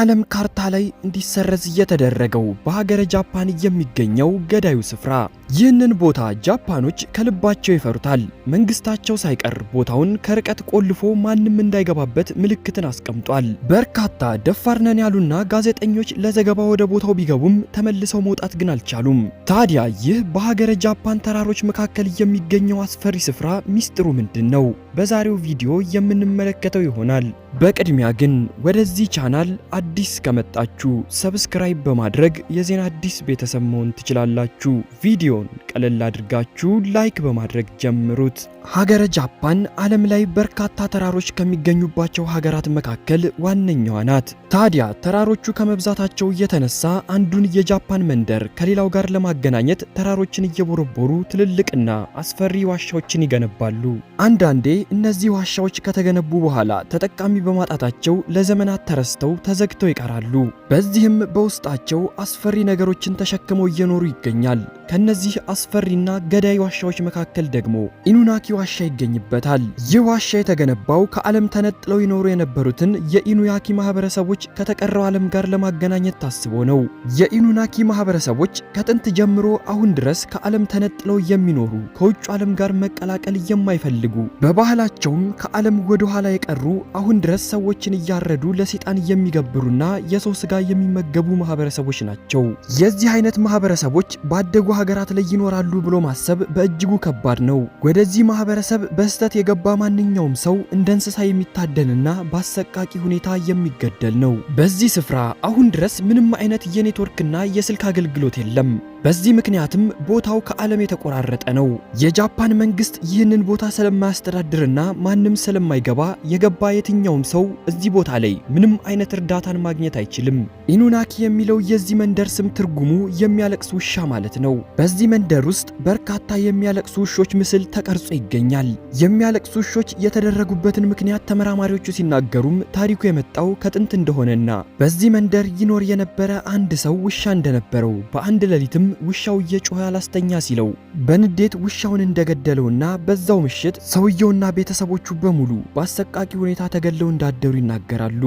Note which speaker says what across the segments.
Speaker 1: ከዓለም ካርታ ላይ እንዲሰረዝ የተደረገው በሀገረ ጃፓን የሚገኘው ገዳዩ ስፍራ። ይህንን ቦታ ጃፓኖች ከልባቸው ይፈሩታል። መንግስታቸው ሳይቀር ቦታውን ከርቀት ቆልፎ ማንም እንዳይገባበት ምልክትን አስቀምጧል። በርካታ ደፋርነን ያሉና ጋዜጠኞች ለዘገባ ወደ ቦታው ቢገቡም ተመልሰው መውጣት ግን አልቻሉም። ታዲያ ይህ በሀገረ ጃፓን ተራሮች መካከል የሚገኘው አስፈሪ ስፍራ ሚስጥሩ ምንድን ነው? በዛሬው ቪዲዮ የምንመለከተው ይሆናል። በቅድሚያ ግን ወደዚህ ቻናል አዲስ ከመጣችሁ ሰብስክራይብ በማድረግ የዜና አዲስ ቤተሰብ መሆን ትችላላችሁ። ቪዲዮን ቀለል አድርጋችሁ ላይክ በማድረግ ጀምሩት። ሀገረ ጃፓን ዓለም ላይ በርካታ ተራሮች ከሚገኙባቸው ሀገራት መካከል ዋነኛዋ ናት። ታዲያ ተራሮቹ ከመብዛታቸው የተነሳ አንዱን የጃፓን መንደር ከሌላው ጋር ለማገናኘት ተራሮችን እየቦረቦሩ ትልልቅና አስፈሪ ዋሻዎችን ይገነባሉ። አንዳንዴ እነዚህ ዋሻዎች ከተገነቡ በኋላ ተጠቃሚ በማጣታቸው ለዘመናት ተረስተው ተዘግተው ይቀራሉ። በዚህም በውስጣቸው አስፈሪ ነገሮችን ተሸክመው እየኖሩ ይገኛል። ከነዚህ አስፈሪና ገዳይ ዋሻዎች መካከል ደግሞ ኢኑናኪ ዋሻ ይገኝበታል። ይህ ዋሻ የተገነባው ከዓለም ተነጥለው ይኖሩ የነበሩትን የኢኑያኪ ማህበረሰቦች ማህበረሰቦች ከተቀረው ዓለም ጋር ለማገናኘት ታስቦ ነው። የኢኑናኪ ማህበረሰቦች ከጥንት ጀምሮ አሁን ድረስ ከዓለም ተነጥለው የሚኖሩ ከውጭ ዓለም ጋር መቀላቀል የማይፈልጉ በባህላቸውም ከዓለም ወደ ኋላ የቀሩ አሁን ድረስ ሰዎችን እያረዱ ለሴጣን የሚገብሩና የሰው ስጋ የሚመገቡ ማህበረሰቦች ናቸው። የዚህ አይነት ማህበረሰቦች ባደጉ ሀገራት ላይ ይኖራሉ ብሎ ማሰብ በእጅጉ ከባድ ነው። ወደዚህ ማህበረሰብ በስህተት የገባ ማንኛውም ሰው እንደ እንስሳ የሚታደንና በአሰቃቂ ሁኔታ የሚገደል ነው። ነው። በዚህ ስፍራ አሁን ድረስ ምንም አይነት የኔትወርክና የስልክ አገልግሎት የለም። በዚህ ምክንያትም ቦታው ከዓለም የተቆራረጠ ነው። የጃፓን መንግስት ይህንን ቦታ ስለማያስተዳድርና ማንም ስለማይገባ የገባ የትኛውም ሰው እዚህ ቦታ ላይ ምንም አይነት እርዳታን ማግኘት አይችልም። ኢኑናኪ የሚለው የዚህ መንደር ስም ትርጉሙ የሚያለቅስ ውሻ ማለት ነው። በዚህ መንደር ውስጥ በርካታ የሚያለቅሱ ውሾች ምስል ተቀርጾ ይገኛል። የሚያለቅሱ ውሾች የተደረጉበትን ምክንያት ተመራማሪዎቹ ሲናገሩም ታሪኩ የመጣው ከጥንት እንደሆነና በዚህ መንደር ይኖር የነበረ አንድ ሰው ውሻ እንደነበረው በአንድ ሌሊትም ውሻው እየጮኸ አላስተኛ ሲለው በንዴት ውሻውን እንደገደለውና በዛው ምሽት ሰውየውና ቤተሰቦቹ በሙሉ በአሰቃቂ ሁኔታ ተገለው እንዳደሩ ይናገራሉ።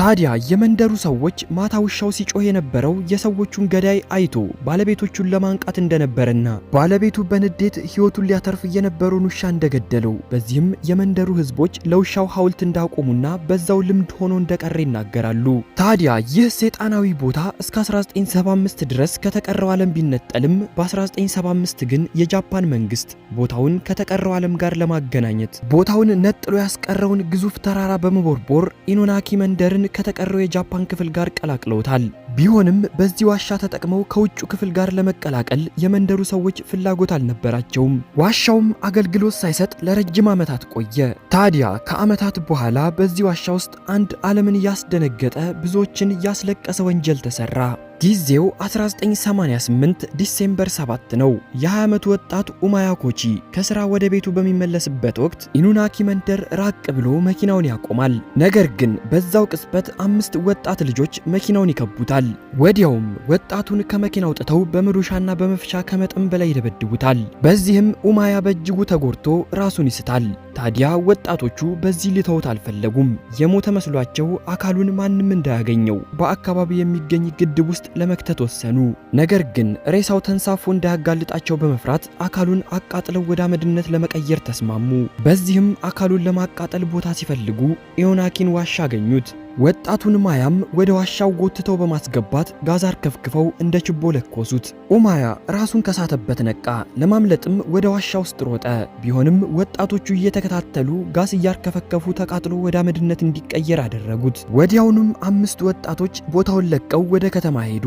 Speaker 1: ታዲያ የመንደሩ ሰዎች ማታ ውሻው ሲጮህ የነበረው የሰዎቹን ገዳይ አይቶ ባለቤቶቹን ለማንቃት እንደነበረና ባለቤቱ በንዴት ሕይወቱን ሊያተርፍ የነበረውን ውሻ እንደገደለው በዚህም የመንደሩ ሕዝቦች ለውሻው ሐውልት እንዳቆሙና በዛው ልምድ ሆኖ እንደቀረ ይናገራሉ። ታዲያ ይህ ሰይጣናዊ ቦታ እስከ 1975 ድረስ ከተቀረው ዓለም ቢነጠልም በ1975 ግን የጃፓን መንግስት ቦታውን ከተቀረው ዓለም ጋር ለማገናኘት ቦታውን ነጥሎ ያስቀረውን ግዙፍ ተራራ በመቦርቦር ኢኖናኪ መንደርን ከተቀረው የጃፓን ክፍል ጋር ቀላቅለውታል። ቢሆንም በዚህ ዋሻ ተጠቅመው ከውጩ ክፍል ጋር ለመቀላቀል የመንደሩ ሰዎች ፍላጎት አልነበራቸውም። ዋሻውም አገልግሎት ሳይሰጥ ለረጅም ዓመታት ቆየ። ታዲያ ከዓመታት በኋላ በዚህ ዋሻ ውስጥ አንድ ዓለምን ያስደነገጠ ብዙዎችን ያስለቀሰ ወንጀል ተሰራ። ጊዜው 1988 ዲሴምበር 7 ነው። የ20 ዓመቱ ወጣት ኡማያ ኮቺ ከስራ ወደ ቤቱ በሚመለስበት ወቅት ኢኑናኪ መንደር ራቅ ብሎ መኪናውን ያቆማል። ነገር ግን በዛው ቅጽበት አምስት ወጣት ልጆች መኪናውን ይከቡታል። ወዲያውም ወጣቱን ከመኪናው ጥተው በመዶሻና በመፍቻ ከመጠን በላይ ይደበድቡታል። በዚህም ኡማያ በእጅጉ ተጎድቶ ራሱን ይስታል። ታዲያ ወጣቶቹ በዚህ ሊተውት አልፈለጉም። የሞተ መስሏቸው አካሉን ማንም እንዳያገኘው በአካባቢው የሚገኝ ግድብ ውስጥ ለመክተት ወሰኑ። ነገር ግን ሬሳው ተንሳፎ እንዳያጋልጣቸው በመፍራት አካሉን አቃጥለው ወደ አመድነት ለመቀየር ተስማሙ። በዚህም አካሉን ለማቃጠል ቦታ ሲፈልጉ ኢዮናኪን ዋሻ አገኙት። ወጣቱን ማያም ወደ ዋሻው ጎትተው በማስገባት ጋዝ አርከፍክፈው እንደ ችቦ ለኮሱት። ኡማያ ራሱን ከሳተበት ነቃ። ለማምለጥም ወደ ዋሻ ውስጥ ሮጠ። ቢሆንም ወጣቶቹ እየተከታተሉ ጋስ እያርከፈከፉ ተቃጥሎ ወደ አመድነት እንዲቀየር አደረጉት። ወዲያውኑም አምስት ወጣቶች ቦታውን ለቀው ወደ ከተማ ሄዱ።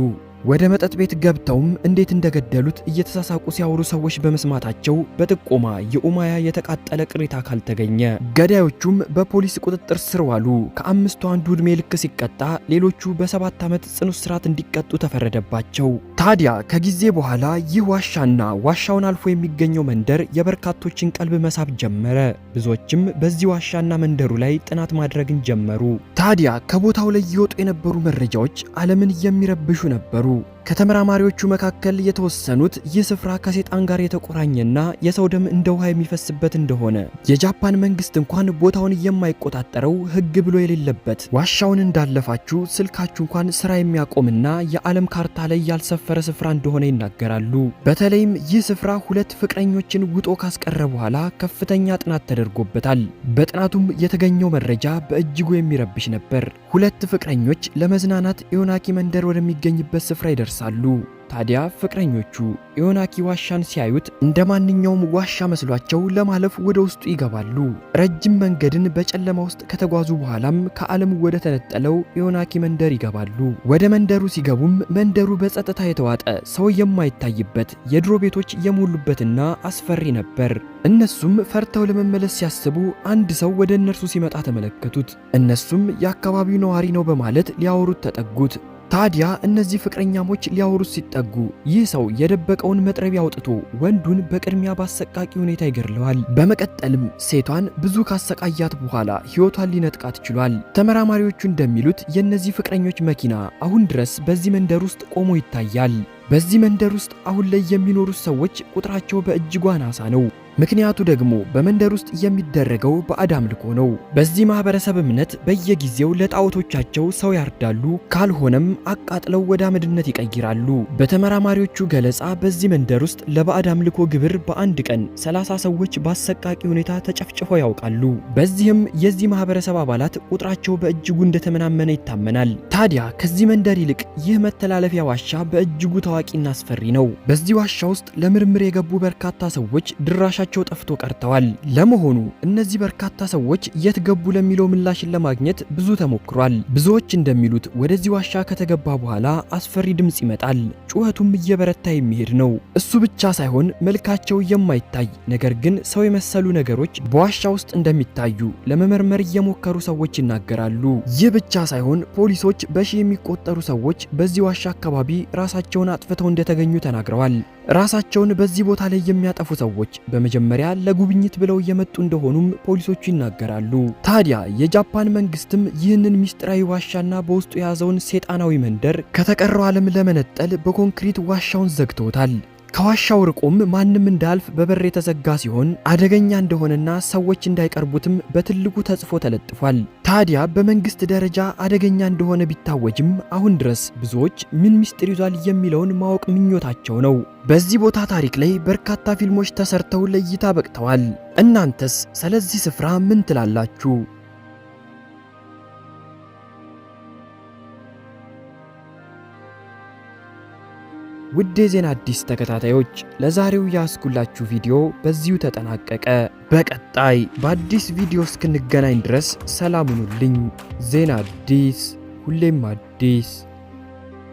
Speaker 1: ወደ መጠጥ ቤት ገብተውም እንዴት እንደገደሉት እየተሳሳቁ ሲያወሩ ሰዎች በመስማታቸው በጥቆማ የኡማያ የተቃጠለ ቅሪተ አካል ተገኘ። ገዳዮቹም በፖሊስ ቁጥጥር ስር ዋሉ። ከአምስቱ አንዱ ዕድሜ ልክ ሲቀጣ፣ ሌሎቹ በሰባት ዓመት ጽኑ እስራት እንዲቀጡ ተፈረደባቸው። ታዲያ ከጊዜ በኋላ ይህ ዋሻና ዋሻውን አልፎ የሚገኘው መንደር የበርካቶችን ቀልብ መሳብ ጀመረ። ብዙዎችም በዚህ ዋሻና መንደሩ ላይ ጥናት ማድረግን ጀመሩ። ታዲያ ከቦታው ላይ ይወጡ የነበሩ መረጃዎች ዓለምን የሚረብሹ ነበሩ። vous. ከተመራማሪዎቹ መካከል የተወሰኑት ይህ ስፍራ ከሴጣን ጋር የተቆራኘና የሰው ደም እንደ ውሃ የሚፈስበት እንደሆነ የጃፓን መንግስት እንኳን ቦታውን የማይቆጣጠረው ሕግ ብሎ የሌለበት ዋሻውን እንዳለፋችሁ ስልካችሁ እንኳን ስራ የሚያቆምና የዓለም ካርታ ላይ ያልሰፈረ ስፍራ እንደሆነ ይናገራሉ። በተለይም ይህ ስፍራ ሁለት ፍቅረኞችን ውጦ ካስቀረ በኋላ ከፍተኛ ጥናት ተደርጎበታል። በጥናቱም የተገኘው መረጃ በእጅጉ የሚረብሽ ነበር። ሁለት ፍቅረኞች ለመዝናናት ኢዮናኪ መንደር ወደሚገኝበት ስፍራ ይደርሳል። ይነሳሉ። ታዲያ ፍቅረኞቹ ኢዮናኪ ዋሻን ሲያዩት እንደ ማንኛውም ዋሻ መስሏቸው ለማለፍ ወደ ውስጡ ይገባሉ። ረጅም መንገድን በጨለማ ውስጥ ከተጓዙ በኋላም ከዓለም ወደ ተነጠለው ኢዮናኪ መንደር ይገባሉ። ወደ መንደሩ ሲገቡም መንደሩ በጸጥታ የተዋጠ ሰው የማይታይበት የድሮ ቤቶች የሞሉበትና አስፈሪ ነበር። እነሱም ፈርተው ለመመለስ ሲያስቡ አንድ ሰው ወደ እነርሱ ሲመጣ ተመለከቱት። እነሱም የአካባቢው ነዋሪ ነው በማለት ሊያወሩት ተጠጉት። ታዲያ እነዚህ ፍቅረኛሞች ሊያወሩት ሲጠጉ ይህ ሰው የደበቀውን መጥረቢያ አውጥቶ ወንዱን በቅድሚያ በአሰቃቂ ሁኔታ ይገድለዋል። በመቀጠልም ሴቷን ብዙ ካሰቃያት በኋላ ሕይወቷን ሊነጥቃት ችሏል። ተመራማሪዎቹ እንደሚሉት የእነዚህ ፍቅረኞች መኪና አሁን ድረስ በዚህ መንደር ውስጥ ቆሞ ይታያል። በዚህ መንደር ውስጥ አሁን ላይ የሚኖሩት ሰዎች ቁጥራቸው በእጅጉ አናሳ ነው። ምክንያቱ ደግሞ በመንደር ውስጥ የሚደረገው ባዕድ አምልኮ ነው። በዚህ ማህበረሰብ እምነት በየጊዜው ለጣዖቶቻቸው ሰው ያርዳሉ፣ ካልሆነም አቃጥለው ወደ አመድነት ይቀይራሉ። በተመራማሪዎቹ ገለጻ በዚህ መንደር ውስጥ ለባዕድ አምልኮ ግብር በአንድ ቀን 30 ሰዎች በአሰቃቂ ሁኔታ ተጨፍጭፈው ያውቃሉ። በዚህም የዚህ ማህበረሰብ አባላት ቁጥራቸው በእጅጉ እንደተመናመነ ይታመናል። ታዲያ ከዚህ መንደር ይልቅ ይህ መተላለፊያ ዋሻ በእጅጉ ታዋቂና አስፈሪ ነው። በዚህ ዋሻ ውስጥ ለምርምር የገቡ በርካታ ሰዎች ድራሻ ስማቸው ጠፍቶ ቀርተዋል። ለመሆኑ እነዚህ በርካታ ሰዎች የት ገቡ ለሚለው ምላሽን ለማግኘት ብዙ ተሞክሯል። ብዙዎች እንደሚሉት ወደዚህ ዋሻ ከተገባ በኋላ አስፈሪ ድምፅ ይመጣል። ጩኸቱም እየበረታ የሚሄድ ነው። እሱ ብቻ ሳይሆን መልካቸው የማይታይ ነገር ግን ሰው የመሰሉ ነገሮች በዋሻ ውስጥ እንደሚታዩ ለመመርመር እየሞከሩ ሰዎች ይናገራሉ። ይህ ብቻ ሳይሆን ፖሊሶች በሺህ የሚቆጠሩ ሰዎች በዚህ ዋሻ አካባቢ ራሳቸውን አጥፍተው እንደተገኙ ተናግረዋል። ራሳቸውን በዚህ ቦታ ላይ የሚያጠፉ ሰዎች በመጀመሪያ ለጉብኝት ብለው የመጡ እንደሆኑም ፖሊሶቹ ይናገራሉ። ታዲያ የጃፓን መንግስትም ይህንን ሚስጥራዊ ዋሻና በውስጡ የያዘውን ሴጣናዊ መንደር ከተቀረው ዓለም ለመነጠል በኮንክሪት ዋሻውን ዘግተውታል። ከዋሻው ርቆም ማንም እንዳልፍ በበር የተዘጋ ሲሆን አደገኛ እንደሆነና ሰዎች እንዳይቀርቡትም በትልቁ ተጽፎ ተለጥፏል። ታዲያ በመንግስት ደረጃ አደገኛ እንደሆነ ቢታወጅም አሁን ድረስ ብዙዎች ምን ምስጢር ይዟል የሚለውን ማወቅ ምኞታቸው ነው። በዚህ ቦታ ታሪክ ላይ በርካታ ፊልሞች ተሰርተው ለእይታ በቅተዋል። እናንተስ ስለዚህ ስፍራ ምን ትላላችሁ? ውድ የዜና አዲስ ተከታታዮች ለዛሬው ያስኩላችሁ ቪዲዮ በዚሁ ተጠናቀቀ። በቀጣይ በአዲስ ቪዲዮ እስክንገናኝ ድረስ ሰላም ሁኑልኝ። ዜና አዲስ ሁሌም አዲስ